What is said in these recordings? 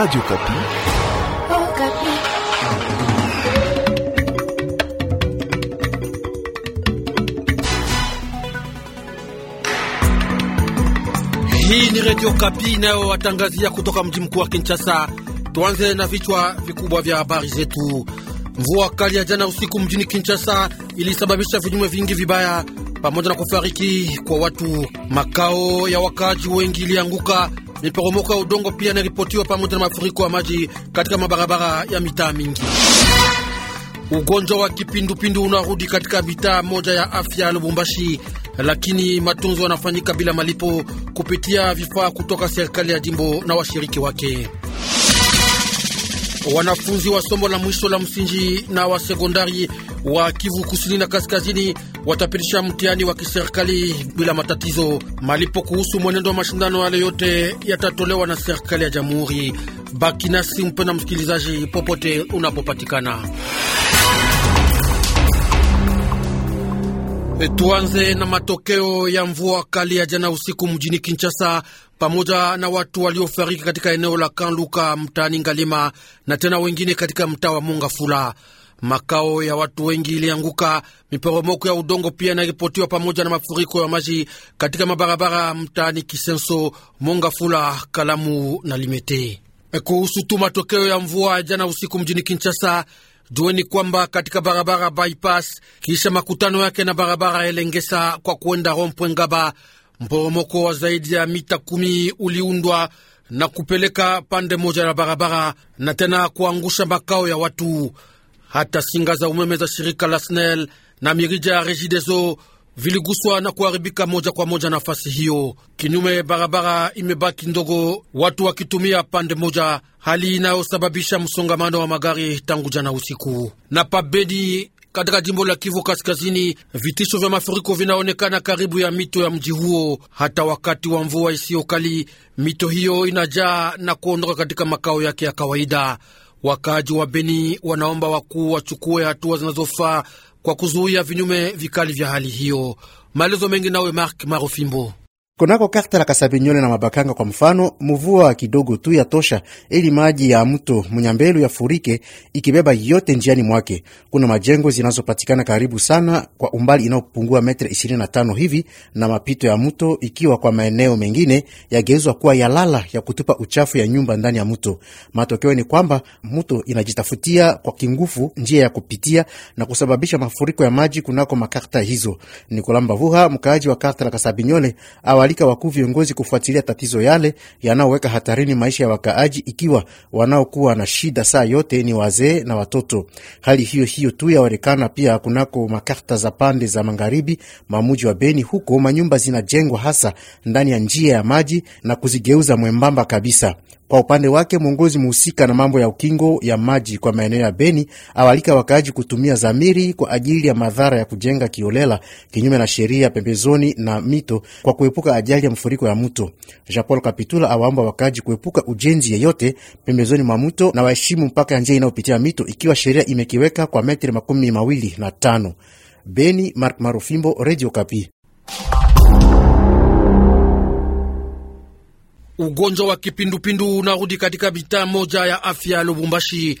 Radio Kapi. Oh, Kapi. Hii ni Radio Kapi nayo watangazia kutoka mji mkuu wa Kinshasa. Tuanze na vichwa vikubwa vya habari zetu. Mvua kali ya jana usiku mjini Kinshasa ilisababisha vinyume vingi vibaya pamoja na kufariki kwa watu. Makao ya wakaaji wengi ilianguka Miporomoko ya udongo pia inaripotiwa pamoja na mafuriko ya maji katika mabarabara ya mitaa mingi. Ugonjwa wa kipindupindu unarudi katika mitaa moja ya afya ya Lubumbashi, lakini matunzo yanafanyika bila malipo kupitia vifaa kutoka serikali ya jimbo na washiriki wake. Wanafunzi wa somo la mwisho la msingi na wa sekondari wa Kivu Kusini na Kaskazini watapitisha mtihani wa kiserikali bila matatizo. Malipo kuhusu mwenendo wa mashindano yale yote yatatolewa na serikali ya jamhuri. Baki nasi mpenda msikilizaji, popote unapopatikana. E, tuanze na matokeo ya mvua kali ya jana usiku mjini Kinshasa, pamoja na watu waliofariki katika eneo la Kanluka mtaani Ngalima na tena wengine katika mtaa wa Mongafula makao ya watu wengi ilianguka. Miporomoko ya udongo pia inaripotiwa pamoja na mafuriko ya maji katika mabarabara mtaani Kisenso, Mongafula, Kalamu na Limete. Kuhusu tu matokeo ya mvua jana usiku mjini Kinshasa, jueni kwamba katika barabara bypass kisha makutano yake na barabara Elengesa kwa kuenda Rompwe Ngaba, mporomoko wa zaidi ya mita kumi uliundwa na kupeleka pande moja la barabara na tena kuangusha makao ya watu hata singa za umeme za shirika la SNEL na mirija ya Regideso viliguswa na kuharibika moja kwa moja. Nafasi hiyo kinyume, barabara imebaki ndogo, watu wakitumia pande moja, hali inayosababisha msongamano wa magari tangu jana usiku. Na pabedi katika jimbo la Kivu Kaskazini, vitisho vya mafuriko vinaonekana karibu ya mito ya mji huo. Hata wakati wa mvua isiyo kali, mito hiyo inajaa na kuondoka katika makao yake ya kawaida. Wakaaji wa Beni wanaomba wakuu wachukue hatua zinazofaa kwa kuzuia vinyume vikali vya hali hiyo. Maelezo mengi nawe Mark Marofimbo. Konako karta la Kasabinyole na Mabakanga kwa mfano, mvua kidogo tu ya tosha ili maji ya mto Mnyambelu yafurike ikibeba yote njiani mwake. Kuna majengo zinazopatikana karibu sana kwa umbali inayopungua metre 25 hivi na mapito ya mto, ikiwa kwa maeneo mengine yageuzwa kuwa yalala ya kutupa uchafu ya nyumba ndani ya mto. Matokeo ni kwamba mto inajitafutia kwa kingufu njia ya kupitia na kusababisha mafuriko ya maji kunako makarta hizo. Nikolamba Vuha, mkaaji wa karta la Kasabinyole awali wanaalika wakuu viongozi kufuatilia tatizo yale yanaoweka hatarini maisha ya wakaaji, ikiwa wanaokuwa na shida saa yote ni wazee na watoto. Hali hiyo hiyo tu yaonekana pia kunako makarta za pande za magharibi mamuji wa Beni. Huko manyumba zinajengwa hasa ndani ya njia ya maji na kuzigeuza mwembamba kabisa. Kwa upande wake mwongozi muhusika na mambo ya ukingo ya maji kwa maeneo ya Beni awalika wakaaji kutumia zamiri kwa ajili ya madhara ya kujenga kiolela kinyume na sheria pembezoni na mito kwa kuepuka ajali ya mfuriko ya mto. Jean Paul Kapitula awaomba wakaaji kuepuka ujenzi yeyote pembezoni mwa mto na waheshimu mpaka ya njia inayopitia mito ikiwa sheria imekiweka kwa metri makumi mawili na tano. Beni, Mark Marufimbo, Radio Kapi. Ugonjwa wa kipindupindu unarudi katika bitaa moja ya afya ya Lubumbashi.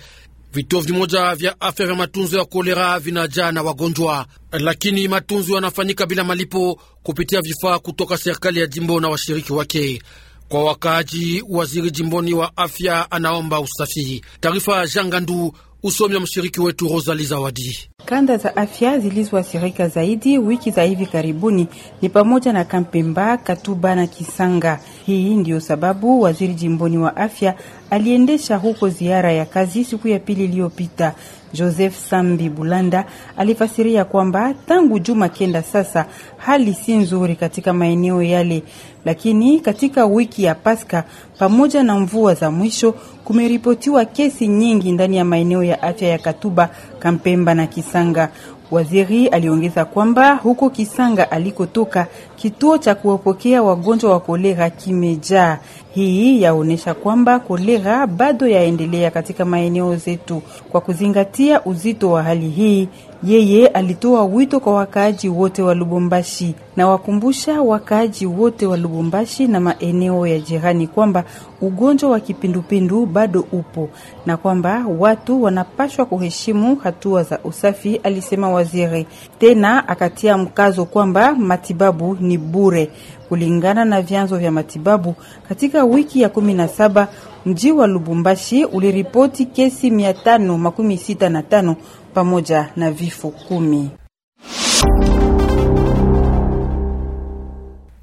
Vituo vimoja vya afya vya matunzo ya kolera vinajaa na wagonjwa, lakini matunzo yanafanyika bila malipo kupitia vifaa kutoka serikali ya jimbo na washiriki wake. Kwa wakaaji, waziri jimboni wa afya anaomba usafi. Taarifa ya Jangandu usomi wa mshiriki wetu Rosali Zawadi. Kanda za afya zilizoathirika zaidi wiki za hivi karibuni ni pamoja na Kampemba, Katuba na Kisanga. Hii ndiyo sababu waziri jimboni wa afya aliendesha huko ziara ya kazi siku ya pili iliyopita. Joseph Sambi Bulanda alifasiria kwamba tangu juma kenda sasa hali si nzuri katika maeneo yale, lakini katika wiki ya paska pamoja na mvua za mwisho kumeripotiwa kesi nyingi ndani ya maeneo ya afya ya Katuba, Kampemba na Kisanga. Waziri aliongeza kwamba huko Kisanga alikotoka kituo cha kuwapokea wagonjwa wa kolera kimejaa. Hii yaonyesha kwamba kolera bado yaendelea katika maeneo zetu. Kwa kuzingatia uzito wa hali hii, yeye alitoa wito kwa wakaaji wote wa Lubumbashi na wakumbusha wakaaji wote wa Lubumbashi na maeneo ya jirani kwamba ugonjwa wa kipindupindu bado upo na kwamba watu wanapashwa kuheshimu hatua za usafi, alisema waziri. Tena akatia mkazo kwamba matibabu ni bure. Kulingana na vyanzo vya matibabu, katika wiki ya 17 mji wa Lubumbashi uliripoti kesi 565 pamoja na vifo kumi.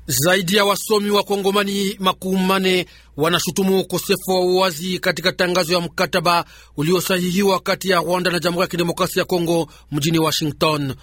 Zaidi ya wasomi wa Kongomani makumi mane wanashutumu ukosefu wa uwazi katika tangazo ya mkataba uliosahihiwa kati ya Rwanda na Jamhuri ya Kidemokrasia ya Kongo mjini Washington.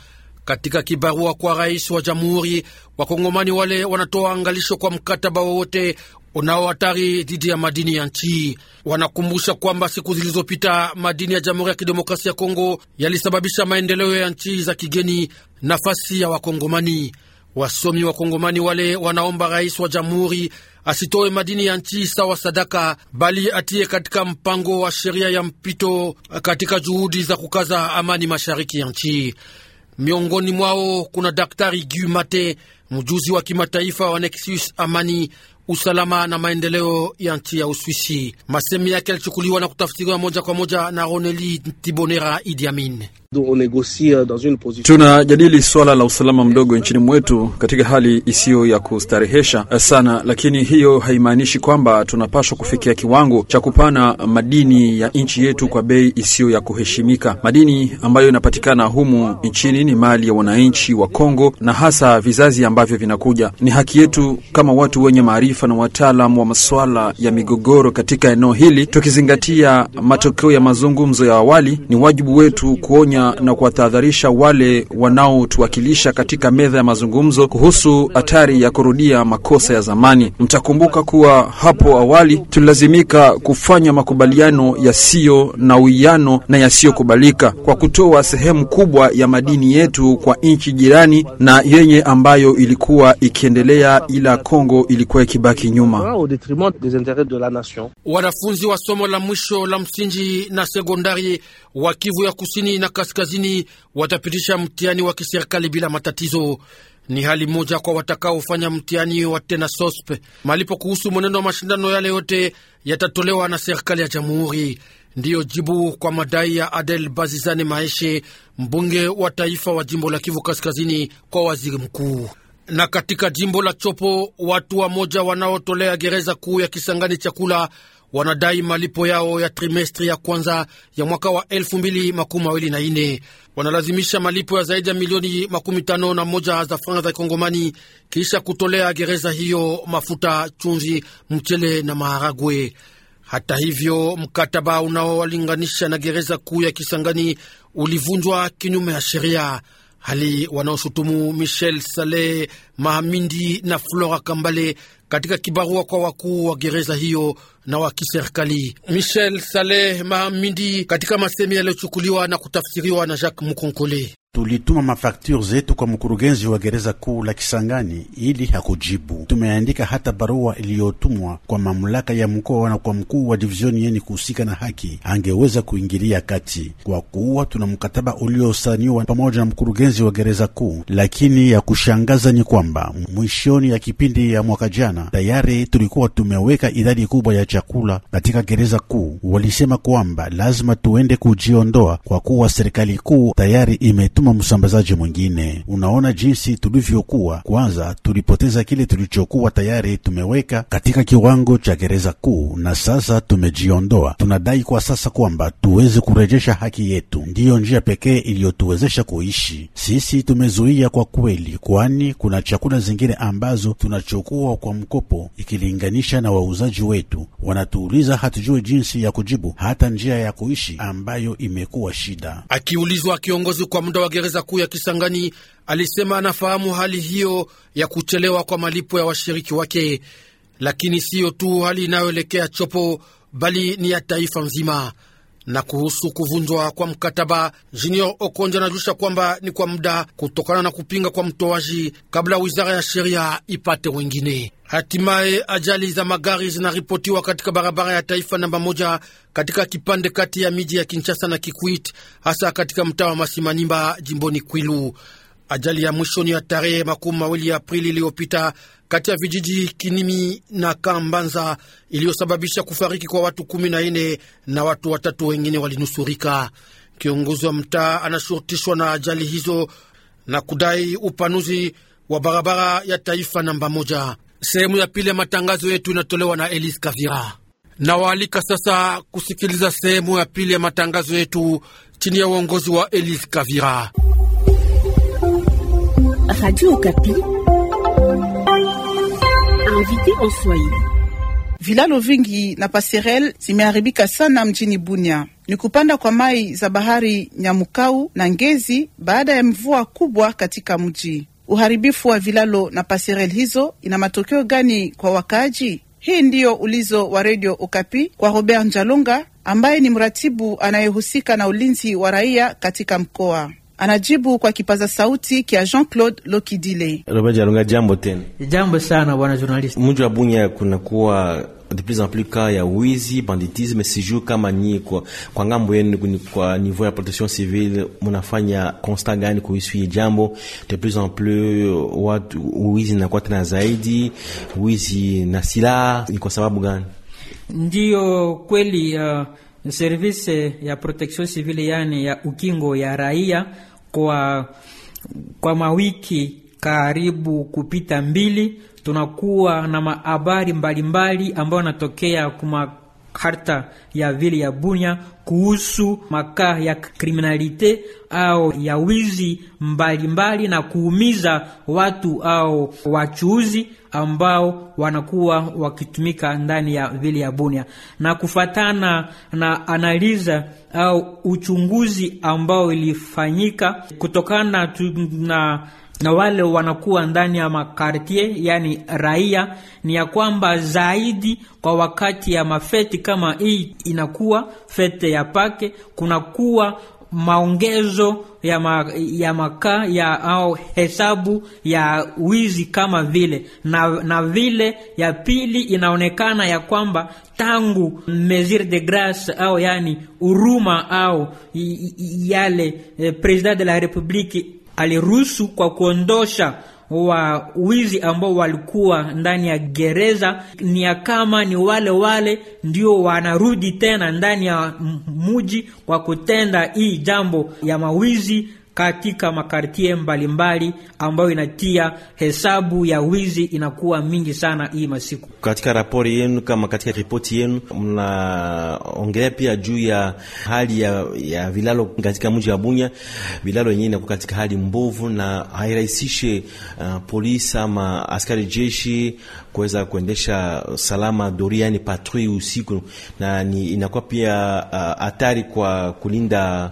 Katika kibarua kwa rais wa jamhuri, Wakongomani wale wanatoa angalisho kwa mkataba wowote unao hatari dhidi ya madini ya nchi. Wanakumbusha kwamba siku zilizopita madini ya Jamhuri ya Kidemokrasia ya Kongo yalisababisha maendeleo ya nchi za kigeni, nafasi ya Wakongomani. Wasomi Wakongomani wale wanaomba rais wa jamhuri asitoe madini ya nchi sawa sadaka, bali atiye katika mpango wa sheria ya mpito katika juhudi za kukaza amani mashariki ya nchi. Miongoni mwao kuna Daktari Gu Mate, mjuzi wa kimataifa wa Nexus Amani usalama na maendeleo ya nchi ya Uswisi. Masemi yake alichukuliwa na kutafsiriwa moja kwa moja na Roneli Tibonera Idi Amin. Euh, Tunajadili swala la usalama mdogo nchini mwetu katika hali isiyo ya kustarehesha eh, sana, lakini hiyo haimaanishi kwamba tunapaswa kufikia kiwango cha kupana madini ya nchi yetu kwa bei isiyo ya kuheshimika. Madini ambayo inapatikana humu nchini ni mali ya wananchi wa Kongo na hasa vizazi ambavyo vinakuja. Ni haki yetu kama watu wenye maarifa na wataalam wa masuala ya migogoro katika eneo hili, tukizingatia matokeo ya mazungumzo ya awali, ni wajibu wetu kuonya na kuwatahadharisha wale wanaotuwakilisha katika meza ya mazungumzo kuhusu hatari ya kurudia makosa ya zamani. Mtakumbuka kuwa hapo awali tulilazimika kufanya makubaliano yasiyo na uwiano na yasiyokubalika kwa kutoa sehemu kubwa ya madini yetu kwa nchi jirani na yenye ambayo ilikuwa ikiendelea, ila Kongo ilikuwa ikibaki nyuma. Wanafunzi wa somo la mwisho la msingi na sekondari wa Kivu ya kusini na kaskazini kaskazini watapitisha mtihani wa kiserikali bila matatizo. Ni hali moja kwa watakaofanya mtihani wa tena sospe. Malipo kuhusu mwenendo wa mashindano yale yote yatatolewa na serikali ya jamhuri. Ndiyo jibu kwa madai ya Adel Bazizane Maeshe, mbunge wa taifa wa jimbo la Kivu Kaskazini, kwa waziri mkuu. Na katika jimbo la Chopo, watu wa moja wanaotolea gereza kuu ya Kisangani chakula wanadai malipo yao ya trimestri ya kwanza ya mwaka wa 224 Wanalazimisha malipo ya zaidi ya milioni makumi tano na moja za franga za kongomani kisha kutolea gereza hiyo mafuta, chunzi mchele na maharagwe. Hata hivyo, mkataba unaowalinganisha na gereza kuu ya Kisangani ulivunjwa kinyume ya sheria hali wanaoshutumu Michel Saleh Mahamindi na Flora Kambale katika kibarua kwa wakuu wa gereza hiyo na wa kiserikali. Michel Saleh Mahamindi katika masemi yaliyochukuliwa na kutafsiriwa na Jacques Mukonkole. Tulituma mafakture zetu kwa mkurugenzi wa gereza kuu la Kisangani ili hakujibu. Tumeandika hata barua iliyotumwa kwa mamlaka ya mkoa na kwa mkuu wa divizioni yeni kuhusika na haki, angeweza kuingilia kati, kwa kuwa tuna mkataba uliosaniwa pamoja na mkurugenzi wa gereza kuu. Lakini ya kushangaza ni kwamba mwishoni ya kipindi ya mwaka jana tayari tulikuwa tumeweka idadi kubwa ya chakula katika gereza kuu. Walisema kwamba lazima tuende kujiondoa kwa kuwa serikali kuu tayari imetuma kama msambazaji mwingine. Unaona jinsi tulivyokuwa, kwanza tulipoteza kile tulichokuwa tayari tumeweka katika kiwango cha gereza kuu, na sasa tumejiondoa. Tunadai kwa sasa kwamba tuweze kurejesha haki yetu, ndiyo njia pekee iliyotuwezesha kuishi. Sisi tumezuia kwa kweli, kwani kuna chakula zingine ambazo tunachukua kwa mkopo ikilinganisha na wauzaji wetu. Wanatuuliza, hatujue jinsi ya kujibu, hata njia ya kuishi ambayo imekuwa shida. Akiulizwa kiongozi kwa muda wa gereza kuu ya Kisangani alisema anafahamu hali hiyo ya kuchelewa kwa malipo ya washiriki wake, lakini siyo tu hali inayoelekea chopo, bali ni ya taifa nzima. Na kuhusu kuvunjwa kwa mkataba, Junior Okonja anajulisha kwamba ni kwa muda kutokana na kupinga kwa mtoaji kabla wizara ya sheria ipate wengine. Hatimaye ajali za magari zinaripotiwa katika barabara ya taifa namba moja katika kipande kati ya miji ya Kinshasa na Kikwit, hasa katika mtaa wa Masimanimba jimboni Kwilu. Ajali ya mwishoni ya tarehe makumi mawili ya Aprili iliyopita kati ya vijiji Kinimi na Kambanza iliyosababisha kufariki kwa watu kumi na nne na watu watatu wengine walinusurika. Kiongozi wa mtaa anashurutishwa na ajali hizo na kudai upanuzi wa barabara ya taifa namba moja. Sehemu ya pili ya matangazo yetu inatolewa na Elise Kavira. Nawaalika sasa kusikiliza sehemu ya pili ya matangazo yetu chini ya uongozi wa Elise Kavira. Radio Okapi. Invité en Swahili. Vilalo vingi na passerelle zimeharibika sana mjini Bunia ni kupanda kwa mai za bahari Nyamukau na Ngezi baada ya mvua kubwa katika mji. Uharibifu wa vilalo na paserel hizo ina matokeo gani kwa wakaaji? Hii ndiyo ulizo wa Radio Okapi kwa Robert Njalonga ambaye ni mratibu anayehusika na ulinzi wa raia katika mkoa. Anajibu kwa kipaza sauti kya Jean-Claude Lokidile. Robert Jalunga, jambo tena. Jambo sana bwana journalist. Mji wa Bunya kunakuwa de plus en plus ya wizi banditisme, sijuu kama nyi kwa, kwa ngambo yenu kwa niveau ya protection civile munafanya constat gani kuhusu hii jambo? De plus en plus watu wizi nakuwa tena zaidi, wizi na silaha ni kwa sababu gani? Ndiyo kweli uh service ya protection civile yani ya ukingo ya raia kwa, kwa mawiki karibu kupita mbili tunakuwa na mahabari mbalimbali ambayo yanatokea kuma karta ya vile ya Bunya kuhusu makaa ya kriminalite au ya wizi mbalimbali mbali na kuumiza watu au wachuuzi ambao wanakuwa wakitumika ndani ya vile ya Bunia, na kufatana na analiza au uchunguzi ambao ilifanyika kutokana na na wale wanakuwa ndani ya makartie yani raia, ni ya kwamba zaidi kwa wakati ya mafeti kama hii inakuwa fete ya pake kunakuwa maongezo ya, ma, ya makaa ya au hesabu ya wizi kama vile na, na vile ya pili inaonekana ya kwamba tangu mesure de grace au yani huruma au yale eh, president de la republique aliruhusu kwa kuondosha wa wizi ambao walikuwa ndani ya gereza ni ya kama ni wale wale ndio wanarudi tena ndani ya muji kwa kutenda hii jambo ya mawizi katika makartie mbalimbali ambayo inatia hesabu ya wizi inakuwa mingi sana hii masiku. Katika rapori yenu, kama katika ripoti yenu, mnaongelea pia juu ya hali ya, ya vilalo katika mji wa Bunya. Vilalo yenyewe inakuwa katika hali mbovu na hairahisishe uh, polisi ama askari jeshi kuweza kuendesha salama doria, yani patrui usiku, na ni inakuwa pia uh, hatari uh, kwa kulinda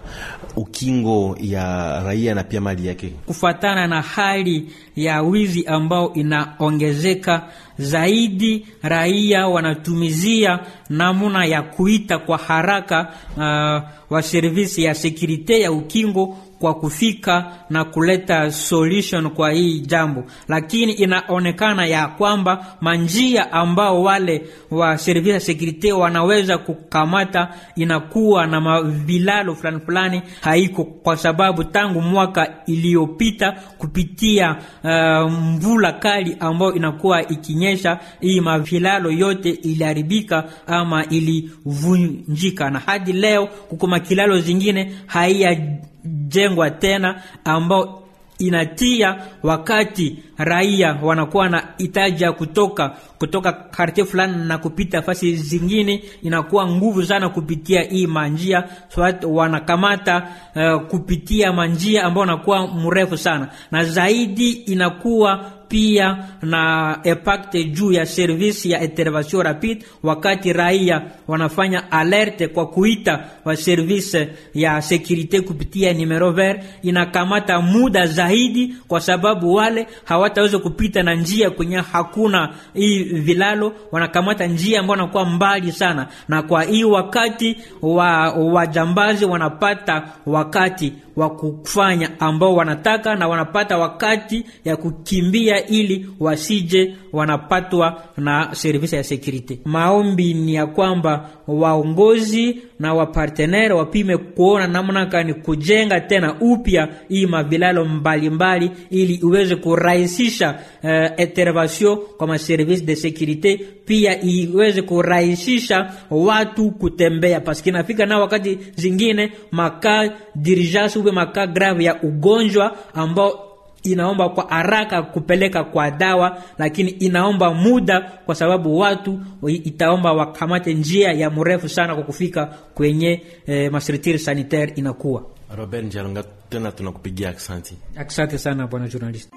ukingo ya raia na pia mali yake. Kufuatana na hali ya wizi ambao inaongezeka zaidi, raia wanatumizia namna ya kuita kwa haraka uh, wa servisi ya sekurite ya ukingo kwa kufika na kuleta solution kwa hii jambo, lakini inaonekana ya kwamba manjia ambao wale wa service ya wanaweza kukamata inakuwa na mavilalo fulani fulani haiko, kwa sababu tangu mwaka iliyopita kupitia uh, mvula kali ambayo inakuwa ikinyesha, hii mavilalo yote iliharibika ama ilivunjika, na hadi leo kuko makilalo zingine haiya jengwa tena ambao inatia wakati raia wanakuwa na hitaji ya kutoka kutoka kartie fulani na kupita fasi zingine, inakuwa nguvu sana kupitia hii manjia so wanakamata uh, kupitia manjia ambao wanakuwa mrefu sana na zaidi inakuwa pia na epakte juu ya service ya intervention rapide, wakati raia wanafanya alerte kwa kuita wa service ya sekurite kupitia numero vert, inakamata muda zaidi, kwa sababu wale hawataweza kupita na njia kwenye hakuna hii vilalo, wanakamata njia ambayo inakuwa mbali sana, na kwa hii wakati wa wajambazi wanapata wakati wa kufanya ambao wanataka na wanapata wakati ya kukimbia ili wasije wanapatwa na servisi ya sekurite. Maombi ni ya kwamba waongozi na wapartenere wapime kuona namna gani kujenga tena upya hii mavilalo mbalimbali ili iweze kurahisisha uh, intervention kwa maservice de securite, pia iweze kurahisisha watu kutembea, paske inafika na wakati zingine makaa dirigeance ube makaa grave ya ugonjwa ambao inaomba kwa haraka kupeleka kwa dawa, lakini inaomba muda, kwa sababu watu itaomba wakamate njia ya mrefu sana kwa kufika kwenye eh, masritiri sanitaire inakuwa. Robert Njalonga, tena tunakupigia aksanti. Asante sana bwana journalist.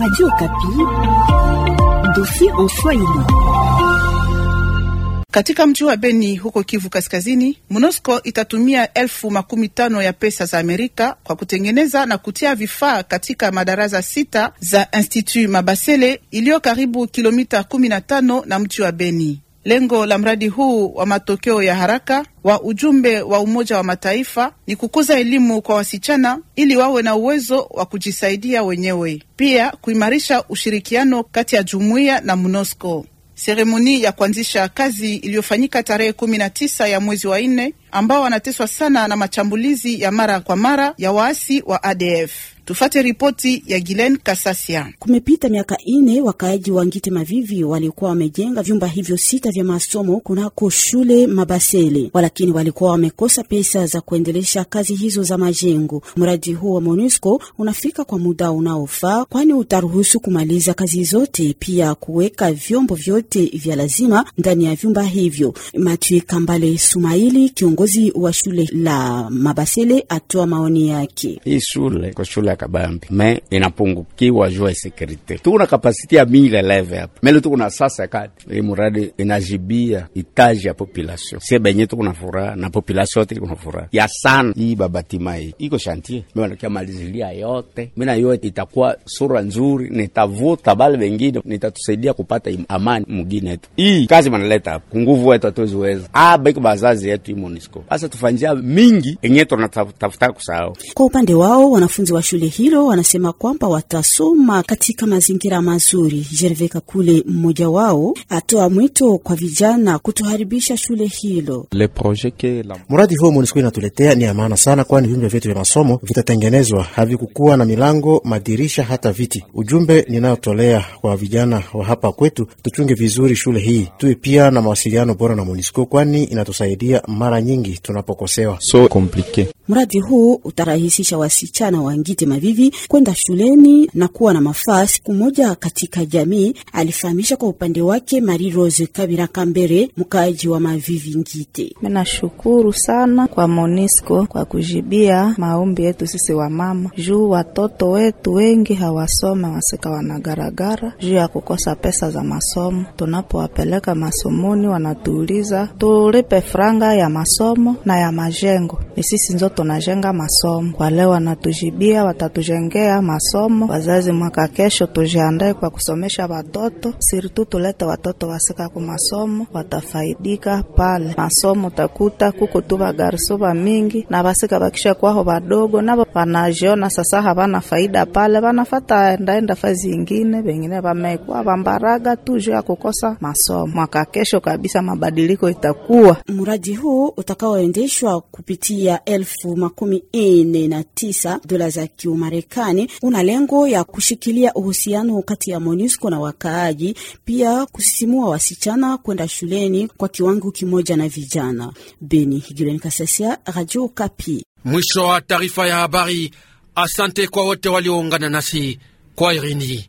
Radio Kapi, dossier en Swahili. Katika mji wa Beni huko Kivu Kaskazini, MONUSCO itatumia elfu makumi tano ya pesa za Amerika kwa kutengeneza na kutia vifaa katika madarasa sita za Institut Mabasele iliyo karibu kilomita kumi na tano na mji wa Beni. Lengo la mradi huu wa matokeo ya haraka wa ujumbe wa Umoja wa Mataifa ni kukuza elimu kwa wasichana ili wawe na uwezo wa kujisaidia wenyewe, pia kuimarisha ushirikiano kati ya jumuiya na MONUSCO. Seremoni ya kuanzisha kazi iliyofanyika tarehe kumi na tisa ya mwezi wa nne ambao wanateswa sana na mashambulizi ya mara kwa mara ya waasi wa ADF. Tufate ripoti ya Gilen Kasasia. Kumepita miaka ine wakaaji wa Ngite Mavivi walikuwa wamejenga vyumba hivyo sita vya masomo kunako shule Mabasele, walakini walikuwa wamekosa pesa za kuendelesha kazi hizo za majengo. Mradi huu wa MONUSCO unafika kwa muda unaofaa, kwani utaruhusu kumaliza kazi zote, pia kuweka vyombo vyote vya lazima ndani ya vyumba hivyo. Matwi Kambale Sumaili kiungo Kiongozi wa shule la Mabasele atoa maoni yake. Hii shule kwa shule ya Kabambi me inapungukiwa jua ya sekurite, tuko na kapasiti ya mille eleve hapa mele, tuko na sasa kati hii muradi inajibia itaji ya population sie benye tuko na furaha na population yote iko na furaha ya sana. Hii babatima hii iko shantie mewanakia malizilia yote mina yote itakuwa sura nzuri, nitavuta bale bengine, nitatusaidia kupata amani mugine yetu. Hii kazi manaleta hapa kunguvu wetu hatuweziweza abaiko bazazi yetu imoni UNESCO. Sasa tufanjia mingi enye tunatafuta kusahau. Kwa upande wao wanafunzi wa shule hilo wanasema kwamba watasoma katika mazingira mazuri. Gervais Kakule, mmoja wao, atoa mwito kwa vijana kutoharibisha shule hilo. Le projet que la... muradi huo UNESCO inatuletea ni ya maana sana, kwani vyumba vyetu vya masomo vitatengenezwa, havikukuwa na milango, madirisha, hata viti. Ujumbe ninayotolea kwa vijana wa hapa kwetu, tuchunge vizuri shule hii, tuwe pia na mawasiliano bora na UNESCO, kwani inatusaidia mara nyingi nyingi tunapokosewa, so komplike. Mradi huu utarahisisha wasichana wa Ngite Mavivi kwenda shuleni na kuwa na mafaa siku moja katika jamii, alifahamisha kwa upande wake Marie Rose Kabira Kambere, mkaaji wa Mavivi Ngite. Minashukuru sana kwa Monisco kwa kujibia maombi yetu sisi wa mama juu watoto wetu wengi hawasome, wasika wanagaragara juu ya kukosa pesa za masomo. Tunapowapeleka masomoni, wanatuuliza tulipe franga ya masomo masomo na ya majengo. Ni sisi nzo tunajenga masomo, wale wanatujibia watatujengea masomo. Wazazi, mwaka kesho tujiandae kwa kusomesha watoto, sirtu tulete watoto wasika ku masomo, watafaidika pale masomo. takuta kuko tu bagarisuba mingi na basika bakisha kwaho badogo, nabo wanajiona sasa havana faida pale, wanafata endaenda fazi ingine, bengine bamekuwa bambaraga tu juu ya kukosa masomo. Mwaka kesho kabisa mabadiliko itakuwa mradi huu uta utakaoendeshwa kupitia elfu makumi ine na tisa dola za Kiumarekani una lengo ya kushikilia uhusiano kati ya MONUSCO na wakaaji, pia kusisimua wasichana kwenda shuleni kwa kiwango kimoja na vijana. Beni Higileni Kasasia, Radio Kapi. Mwisho wa taarifa ya habari. Asante kwa wote walioungana nasi kwa irini.